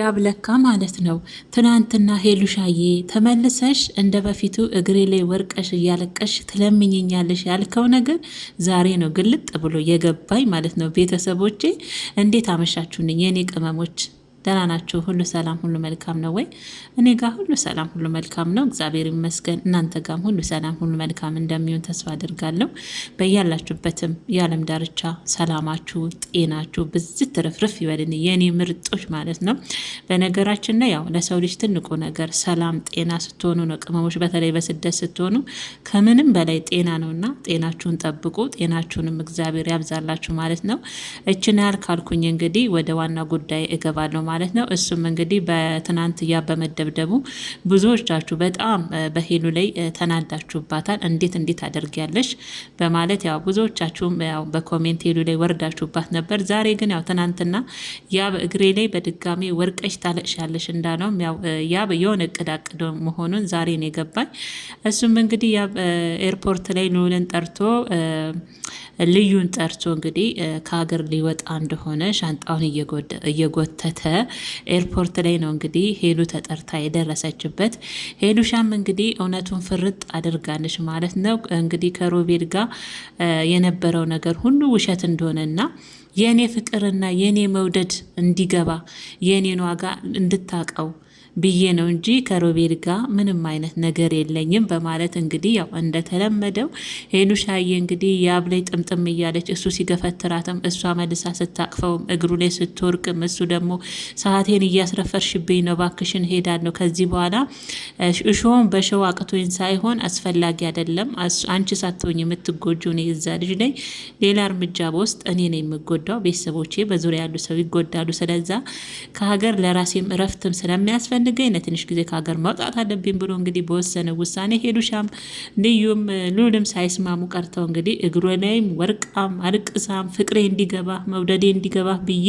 ያብለካ ማለት ነው። ትናንትና ሄሉሻዬ ተመልሰሽ እንደ በፊቱ እግሬ ላይ ወርቀሽ እያለቀሽ ትለምኝኛለሽ ያልከው ነገር ዛሬ ነው ግልጥ ብሎ የገባኝ ማለት ነው። ቤተሰቦቼ እንዴት አመሻችሁን የኔ ቅመሞች። ደህና ናችሁ? ሁሉ ሰላም፣ ሁሉ መልካም ነው ወይ? እኔ ጋር ሁሉ ሰላም፣ ሁሉ መልካም ነው፣ እግዚአብሔር ይመስገን። እናንተ ጋርም ሁሉ ሰላም፣ ሁሉ መልካም እንደሚሆን ተስፋ አድርጋለሁ። በያላችሁበትም የዓለም ዳርቻ ሰላማችሁ፣ ጤናችሁ ብዝት ትርፍርፍ ይበልን፣ የእኔ ምርጦች ማለት ነው። በነገራችን ላይ ያው ለሰው ልጅ ትልቁ ነገር ሰላም፣ ጤና ስትሆኑ ነው። ቅመሞች በተለይ በስደት ስትሆኑ ከምንም በላይ ጤና ነውና ጤናችሁን ጠብቁ፣ ጤናችሁንም እግዚአብሔር ያብዛላችሁ ማለት ነው። እችን ያህል ካልኩኝ እንግዲህ ወደ ዋና ጉዳይ እገባለሁ ማለት ማለት ነው። እሱም እንግዲህ በትናንት ያ በመደብደቡ ብዙዎቻችሁ በጣም በሄሉ ላይ ተናዳችሁባታል። እንዴት እንዴት አደርጊያለሽ በማለት ያው ብዙዎቻችሁም ያው በኮሜንት ሄሉ ላይ ወርዳችሁባት ነበር። ዛሬ ግን ያው ትናንትና ያ በእግሬ ላይ በድጋሚ ወርቀሽ ታለቅሻለሽ እንዳለውም ያው ያ የሆነ እቅድ አቅዶ መሆኑን ዛሬ ነው የገባኝ። እሱም እንግዲህ ያ ኤርፖርት ላይ ልዑልን ጠርቶ ልዩን ጠርቶ እንግዲህ ከሀገር ሊወጣ እንደሆነ ሻንጣውን እየጎተተ ኤርፖርት ላይ ነው እንግዲህ ሄሉ ተጠርታ የደረሰችበት። ሄሉሻም እንግዲህ እውነቱን ፍርጥ አድርጋለች ማለት ነው። እንግዲህ ከሮቤል ጋር የነበረው ነገር ሁሉ ውሸት እንደሆነና የእኔ ፍቅርና የእኔ መውደድ እንዲገባ የእኔን ዋጋ እንድታቀው ብዬ ነው እንጂ ከሮቤል ጋር ምንም አይነት ነገር የለኝም በማለት እንግዲህ ያው እንደተለመደው ሄሉሻዬ እንግዲህ ያብ ላይ ጥምጥም እያለች እሱ ሲገፈትራትም እሷ መልሳ ስታቅፈውም እግሩ ላይ ስትወርቅም እሱ ደግሞ ሰዓቴን እያስረፈርሽብኝ ነው ባክሽን ሄዳለሁ ከዚህ በኋላ እሾውን በሸው አቅቶኝ ሳይሆን አስፈላጊ አይደለም አንቺ ሳትሆኝ የምትጎጁ እኔ እዛ ልጅ ነኝ ሌላ እርምጃ በውስጥ እኔ ነው የምጎዳው ቤተሰቦቼ በዙሪያ ያሉ ሰው ይጎዳሉ ስለዛ ከሀገር ለራሴም እረፍትም ስለሚያስፈልግ ስለምንገኝ ለትንሽ ጊዜ ከሀገር መውጣት አለብኝ ብሎ እንግዲህ በወሰነ ውሳኔ ሄዱሻም ልዩም ሉልም ሳይስማሙ ቀርተው እንግዲህ እግሮ ላይም ወርቃም አልቅሳም ፍቅሬ እንዲገባ መውደዴ እንዲገባ ብዬ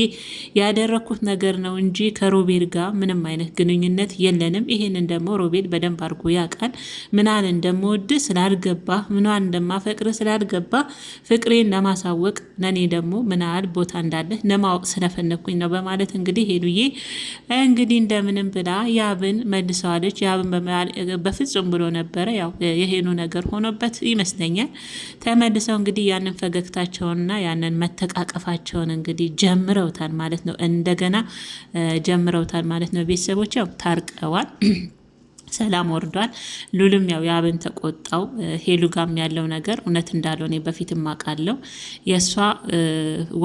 ያደረግኩት ነገር ነው እንጂ ከሮቤል ጋር ምንም አይነት ግንኙነት የለንም። ይሄንን ደግሞ ሮቤል በደንብ አድርጎ ያውቃል። ምናን እንደምወድ ስላልገባ ምኗን እንደማፈቅር ስላልገባ ፍቅሬን ለማሳወቅ ለእኔ ደግሞ ምናል ቦታ እንዳለ ለማወቅ ስለፈለግኩኝ ነው በማለት እንግዲህ ሄዱዬ እንግዲህ እንደምንም ብላ ያብን መልሰዋለች። ያብን በፍጹም ብሎ ነበረ። ያው የሄኑ ነገር ሆኖበት ይመስለኛል። ተመልሰው እንግዲህ ያንን ፈገግታቸውንና ያንን መተቃቀፋቸውን እንግዲህ ጀምረውታል ማለት ነው። እንደገና ጀምረውታል ማለት ነው። ቤተሰቦች ያው ታርቀዋል። ሰላም ወርዷል። ሉልም ያው የአብን ተቆጣው። ሄሉ ጋም ያለው ነገር እውነት እንዳልሆነ በፊትም አውቃለሁ። የእሷ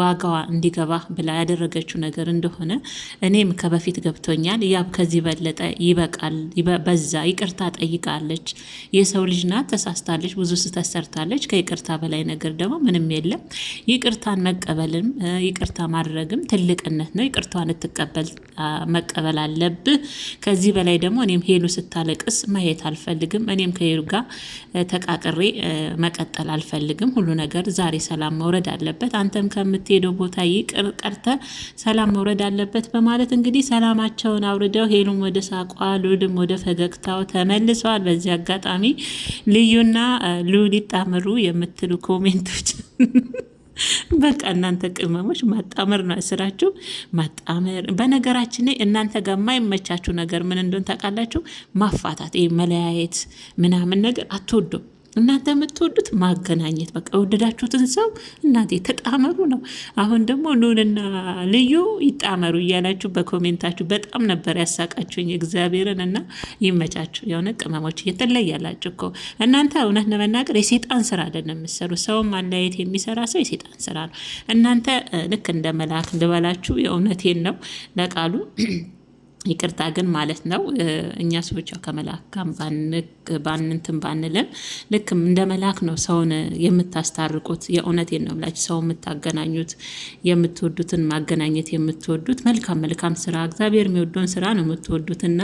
ዋጋዋ እንዲገባ ብላ ያደረገችው ነገር እንደሆነ እኔም ከበፊት ገብቶኛል። ያብ ከዚህ በለጠ ይበቃል፣ በዛ ይቅርታ ጠይቃለች። የሰው ልጅ ናት፣ ተሳስታለች፣ ብዙ ስህተት ሰርታለች። ከይቅርታ በላይ ነገር ደግሞ ምንም የለም። ይቅርታን መቀበልም ይቅርታ ማድረግም ትልቅነት ነው። ይቅርቷን ትቀበል መቀበል አለብህ። ከዚህ በላይ ደግሞ እኔም ሄሉ ስታለቅስ ማየት አልፈልግም። እኔም ከሄዱ ጋር ተቃቅሬ መቀጠል አልፈልግም። ሁሉ ነገር ዛሬ ሰላም መውረድ አለበት። አንተም ከምትሄደው ቦታ ይቅር ቀርተ ሰላም መውረድ አለበት በማለት እንግዲህ ሰላማቸውን አውርደው ሄሉም ወደ ሳቋ ሉልም ወደ ፈገግታው ተመልሰዋል። በዚህ አጋጣሚ ልዩና ሉል ይጣምሩ የምትሉ ኮሜንቶች በቃ እናንተ ቅመሞች ማጣመር ነው ስራችሁ፣ ማጣመር። በነገራችን ላይ እናንተ ጋር የማይመቻችሁ ነገር ምን እንደሆን ታውቃላችሁ? ማፋታት፣ መለያየት ምናምን ነገር አትወዱም። እናንተ የምትወዱት ማገናኘት በቃ የወደዳችሁትን ሰው እናቴ ተጣመሩ ነው። አሁን ደግሞ ኑንና ልዩ ይጣመሩ እያላችሁ በኮሜንታችሁ በጣም ነበር ያሳቃችሁኝ እግዚአብሔርን እና ይመቻችሁ። የሆነ ቅመሞች እየተለያላችሁ እኮ እናንተ እውነት ለመናገር የሴጣን ስራ አይደለም የምትሰሩ። ሰውን ማለያየት የሚሰራ ሰው የሴጣን ስራ ነው። እናንተ ልክ እንደ መልአክ ልበላችሁ፣ የእውነቴን ነው ለቃሉ ይቅርታ ግን ማለት ነው እኛ ሰዎች ከመልአክ ጋር ባንንትን ባንልም ልክም እንደ መልአክ ነው ሰውን የምታስታርቁት። የእውነት ነው ብላችሁ ሰው የምታገናኙት የምትወዱትን ማገናኘት የምትወዱት መልካም መልካም ስራ እግዚአብሔር የሚወደውን ስራ ነው የምትወዱትና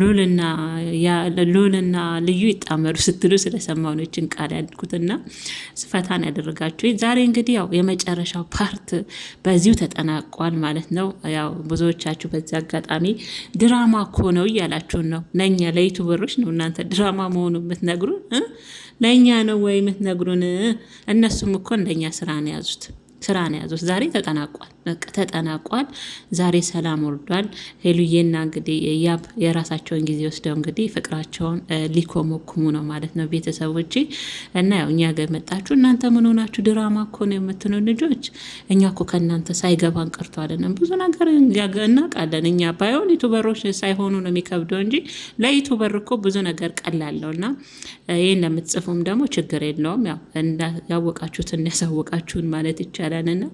ሉልና ልዩ ይጣመሩ ስትሉ ስለሰማሁ ነው ቃል ያልኩትና ስፈታን ያደረጋችሁ። ዛሬ እንግዲህ ያው የመጨረሻው ፓርት በዚሁ ተጠናቋል ማለት ነው። ያው ብዙዎቻችሁ በዚህ አጋጣሚ ድራማ እኮ ነው እያላችሁን ነው ነኛ ለዩቱበሮች ነው እናንተ ድራ ድራማ መሆኑ የምትነግሩን ለእኛ ነው ወይ የምትነግሩን? እነሱም እኮ እንደኛ ስራ ነው ያዙት፣ ስራ ነው ያዙት። ዛሬ ተጠናቋል። ተጠናቋል። ዛሬ ሰላም ወርዷል። ሄሉዬና እንግዲህ ያብ የራሳቸውን ጊዜ ወስደው እንግዲህ ፍቅራቸውን ሊኮመኩሙ ነው ማለት ነው ቤተሰቦች እና ያው እኛ ጋር መጣችሁ እናንተ ምን ሆናችሁ ድራማ እኮ ነው የምትኑ ልጆች፣ እኛ እኮ ከእናንተ ሳይገባን ቀርቶ አይደለም። ብዙ ነገር እናውቃለን። እኛ ባይሆን ዩቱበሮች ሳይሆኑ ነው የሚከብደው እንጂ ለዩቱበር እኮ ብዙ ነገር ቀላለው። እና ይህን ለምትጽፉም ደግሞ ችግር የለውም። ያው ያወቃችሁትን ያሳወቃችሁን ማለት ይቻላል እና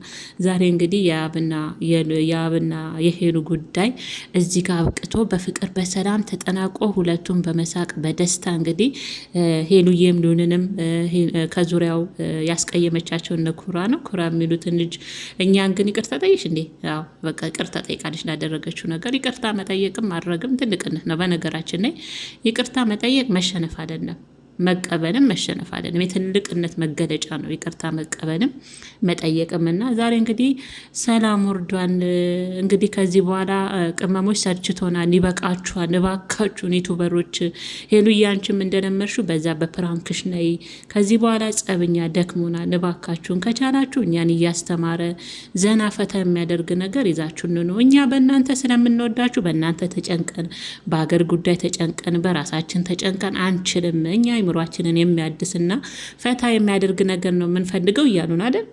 ዛሬ እንግዲህ የአብና የአብና የሄሉ ጉዳይ እዚህ ጋር አብቅቶ በፍቅር በሰላም ተጠናቆ ሁለቱም በመሳቅ በደስታ እንግዲህ ሄሉዬም ሉንንም ከዙሪያው ያስቀየመቻቸው እነ ኩራ ነው ኩራ የሚሉትን ልጅ እኛን ግን ይቅርታ ጠይሽ እንዴ? ያው በቃ ይቅርታ ጠይቃለች ላደረገችው ነገር። ይቅርታ መጠየቅም ማድረግም ትልቅነት ነው። በነገራችን ላይ ይቅርታ መጠየቅ መሸነፍ አይደለም። መቀበልም መሸነፍ አይደለም፣ የትልቅነት መገለጫ ነው። ይቅርታ መቀበልም መጠየቅም እና ዛሬ እንግዲህ ሰላም ወርዷን እንግዲህ ከዚህ በኋላ ቅመሞች ሰልችቶናል፣ ይበቃችኋል፣ እባካችሁን ዩቱበሮች ሄሉ እያንችም እንደለመድሽው በዛ በፕራንክሽ ነይ። ከዚህ በኋላ ጸብኛ ደክሞናል፣ እባካችሁን ከቻላችሁ እኛን እያስተማረ ዘና ፈታ የሚያደርግ ነገር ይዛችሁ ኑ። እኛ በእናንተ ስለምንወዳችሁ በእናንተ ተጨንቀን፣ በአገር ጉዳይ ተጨንቀን፣ በራሳችን ተጨንቀን አንችልም እኛ አይምሯችንን የሚያድስና ፈታ የሚያደርግ ነገር ነው የምንፈልገው እያሉን አይደል?